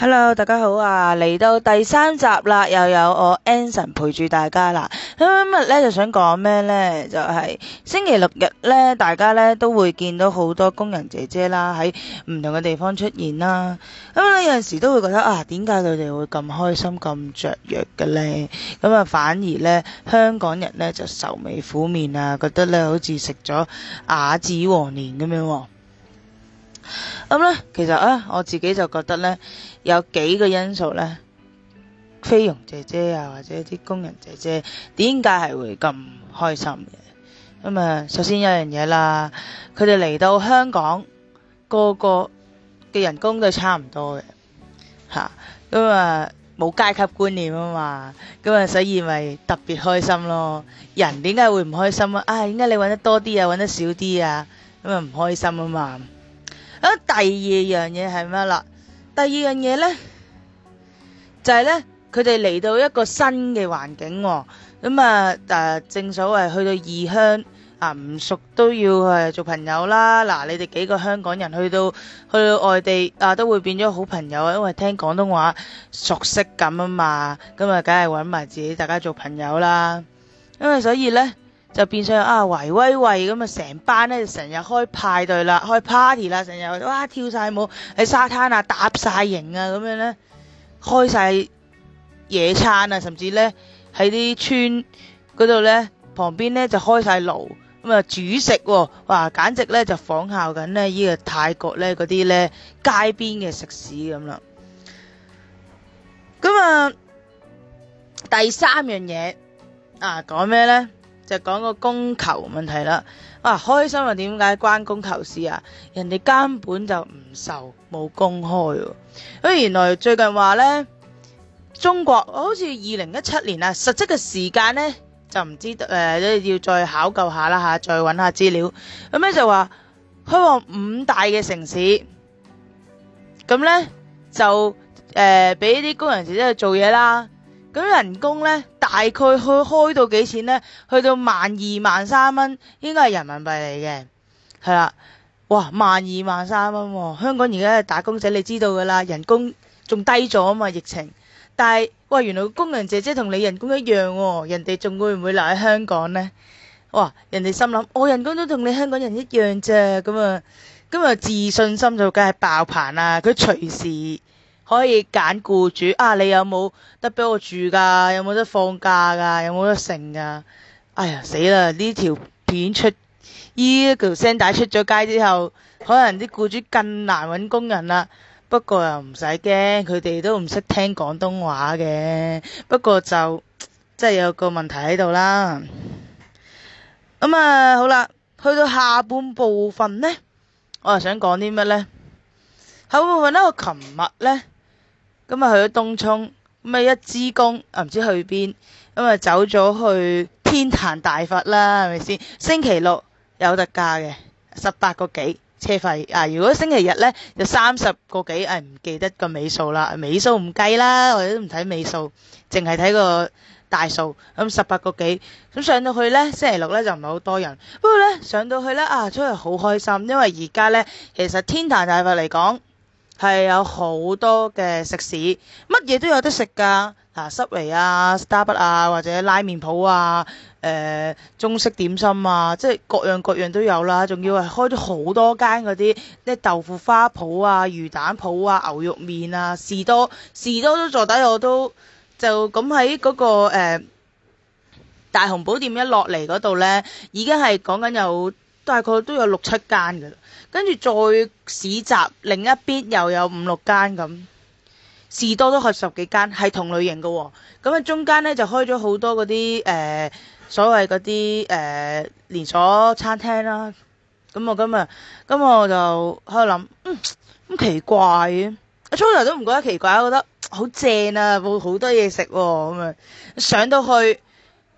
hello，大家好啊！嚟到第三集啦，又有我 Anson 陪住大家啦。咁今日呢就想講咩呢？就係、就是、星期六日呢，大家呢都會見到好多工人姐姐啦，喺唔同嘅地方出現啦。咁、嗯、呢有陣時都會覺得啊，點解佢哋會咁開心咁雀躍嘅呢？咁啊反而呢，香港人呢就愁眉苦面啊，覺得呢好似食咗啞子黃連咁樣。咁咧，其實啊，我自己就覺得咧，有幾個因素咧，菲傭姐姐啊，或者啲工人姐姐，點解係會咁開心嘅？咁啊，首先有一樣嘢啦，佢哋嚟到香港，個個嘅人工都係差唔多嘅，吓咁啊，冇階級觀念啊嘛，咁啊，所以咪特別開心咯。人點解會唔開心啊？啊，點解你搵得多啲啊，搵得少啲啊？咁啊，唔開心啊嘛。啊，第二樣嘢係咩啦？第二樣嘢呢，就係呢，佢哋嚟到一個新嘅環境，咁啊，誒，正所謂去到異鄉啊，唔熟都要去做朋友啦。嗱，你哋幾個香港人去到去到外地啊，都會變咗好朋友啊，因為聽廣東話，熟悉咁啊嘛，咁啊，梗係揾埋自己大家做朋友啦。因為所以呢。就變相啊，維威惠咁啊，成班咧就成日開派對啦，開 party 啦，成日哇跳晒舞喺沙灘啊，搭晒營啊咁樣咧，開晒野餐啊，甚至咧喺啲村嗰度咧，旁邊咧就開晒爐咁啊煮食喎，啊，哇簡直咧就仿效緊呢，呢、這個泰國咧嗰啲咧街邊嘅食肆咁啦。咁啊第三樣嘢啊講咩咧？就講個供求問題啦，啊開心又點解關供求事啊？人哋根本就唔受冇公開喎，原來最近話呢，中國好似二零一七年啊，實質嘅時間呢，就唔知誒、呃，要再考究下啦吓，再揾下資料，咁呢就話開放五大嘅城市，咁呢，就誒俾啲工人自己去做嘢啦，咁人工呢。大概去開到幾錢呢？去到萬二萬三蚊，應該係人民幣嚟嘅，係啦。哇，萬二萬三蚊，香港而家係打工仔你知道噶啦，人工仲低咗啊，嘛，疫情。但係，哇，原來工人姐姐同你人工一樣喎，人哋仲會唔會留喺香港呢？哇，人哋心諗，我哦，人工都同你香港人一樣啫！樣」咁啊，咁啊，自信心就梗係爆棚啦！佢隨時。可以揀僱主啊！你有冇得俾我住噶？有冇得放假噶？有冇得剩噶？哎呀，死啦！呢條片出，呢條聲帶出咗街之後，可能啲僱主更難揾工人啦。不過又唔使驚，佢哋都唔識聽廣東話嘅。不過就真係有個問題喺度啦。咁啊，好啦，去到下半部分呢，我又想講啲乜呢？下半部分呢，我琴日呢。咁啊去咗東涌，咁啊一支公啊唔知去邊，咁啊走咗去天壇大佛啦，係咪先？星期六有特價嘅十八個幾車費，啊如果星期日呢，就三十個幾，誒、啊、唔記得個尾數啦，尾數唔計啦，或者唔睇尾數，淨係睇個大數，咁、嗯、十八個幾，咁上到去呢，星期六呢，就唔係好多人，不過呢，上到去呢，啊，真係好開心，因為而家呢，其實天壇大佛嚟講。係有好多嘅食肆，乜嘢都有得食㗎，嗱，Subway 啊、啊、Starbucks 啊，或者拉麵鋪啊、誒、呃、中式點心啊，即係各樣各樣都有啦。仲要係開咗好多間嗰啲，啲豆腐花鋪啊、魚蛋鋪啊、牛肉麵啊、士多，士多都坐低我都就咁喺嗰個、呃、大雄寶殿一落嚟嗰度呢，已經係講緊有，大概都有六七間噶，跟住再市集另一邊又有五六間咁，士多都係十幾間，係同類型噶、哦。咁啊中間咧就開咗好多嗰啲誒，所謂嗰啲誒連鎖餐廳啦。咁我今日，今日我就喺度諗，嗯，咁、嗯、奇怪嘅、啊。初頭都唔覺得奇怪，我覺得好正啊，好好多嘢食咁樣。上到去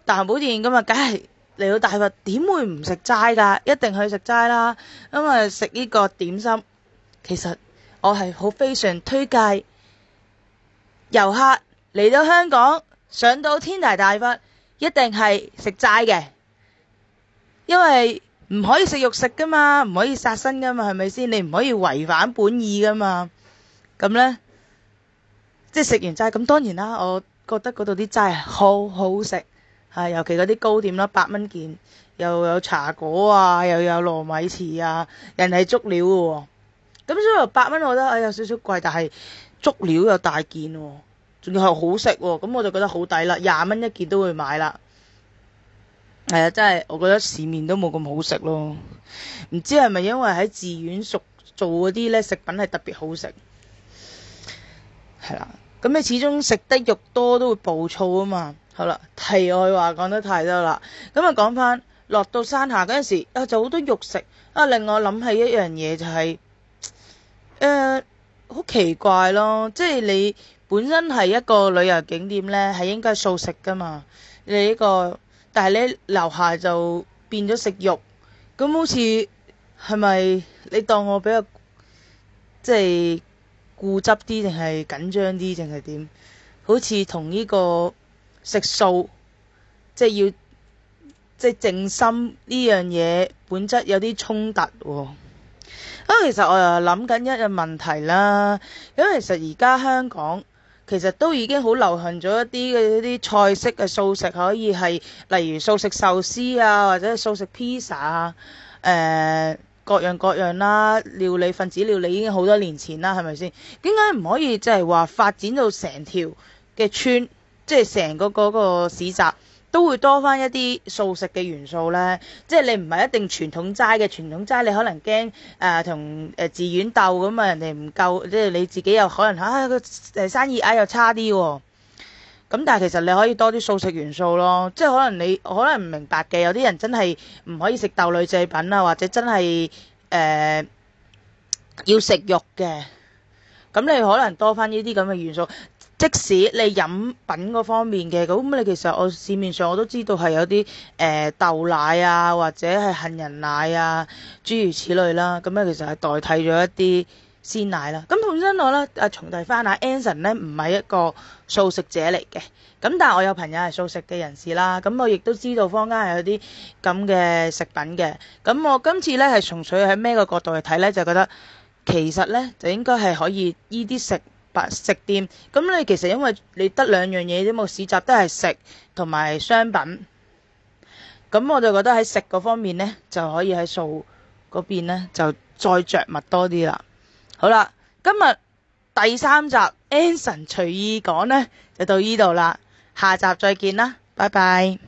大雄寶殿咁啊，梗係。嚟到大佛點會唔食齋㗎？一定去食齋啦！因為食呢個點心，其實我係好非常推介。遊客嚟到香港，上到天台大佛，一定係食齋嘅，因為唔可以食肉食噶嘛，唔可以殺生噶嘛，係咪先？你唔可以違反本意噶嘛。咁呢，即係食完齋咁，當然啦，我覺得嗰度啲齋係好好食。係，尤其嗰啲糕點啦，八蚊件，又有茶果啊，又有糯米糍啊，人係足料喎，哦。咁所以八蚊，我覺得哎有少少貴，但係足料又大件，哦，仲要係好食，哦，咁我就覺得好抵啦，廿蚊一件都會買啦。係啊，真係，我覺得市面都冇咁好食咯。唔知係咪因為喺寺院熟做嗰啲咧食品係特別好食？係啦，咁你始終食得肉多都會暴躁啊嘛。好啦，題外話講得太多啦。咁啊，講翻落到山下嗰陣時啊，就好多肉食啊，令我諗起一樣嘢就係誒好奇怪咯。即係你本身係一個旅遊景點咧，係應該素食噶嘛？你呢個，但係咧，你樓下就變咗食肉，咁好似係咪你當我比較即係固執啲定係緊張啲定係點？好似同呢個。食素即係要即係靜心呢樣嘢本質有啲衝突，哦。咁啊，其實我又諗緊一樣問題啦。因為其實而家香港其實都已經好流行咗一啲嘅啲菜式嘅素食可以係，例如素食壽司啊，或者素食披薩啊，誒、呃、各樣各樣啦，料理分子料理已經好多年前啦，係咪先？點解唔可以即係話發展到成條嘅村？即係成個嗰個市集都會多翻一啲素食嘅元素咧。即係你唔係一定傳統齋嘅傳統齋，你可能驚誒同誒寺院鬥咁啊，人哋唔夠，即係你自己又可能嚇誒、啊、生意啊又差啲喎、哦。咁但係其實你可以多啲素食元素咯。即係可能你可能唔明白嘅，有啲人真係唔可以食豆類製品啊，或者真係誒、呃、要食肉嘅。咁你可能多翻呢啲咁嘅元素。即使你飲品嗰方面嘅，咁咁你其實我市面上我都知道係有啲誒、呃、豆奶啊，或者係杏仁奶啊，諸如此類啦。咁咧其實係代替咗一啲鮮奶啦。咁本身我咧啊重提翻啊，Anson 咧唔係一個素食者嚟嘅，咁但係我有朋友係素食嘅人士啦。咁我亦都知道坊間係有啲咁嘅食品嘅。咁我今次咧係從取喺咩個角度去睇咧，就覺得其實咧就應該係可以依啲食。白食店，咁你其實因為你得兩樣嘢啫，冇市集都係食同埋商品，咁我就覺得喺食嗰方面呢，就可以喺數嗰邊呢，就再着墨多啲啦。好啦，今日第三集 Anson 隨意講呢，就到依度啦，下集再見啦，拜拜。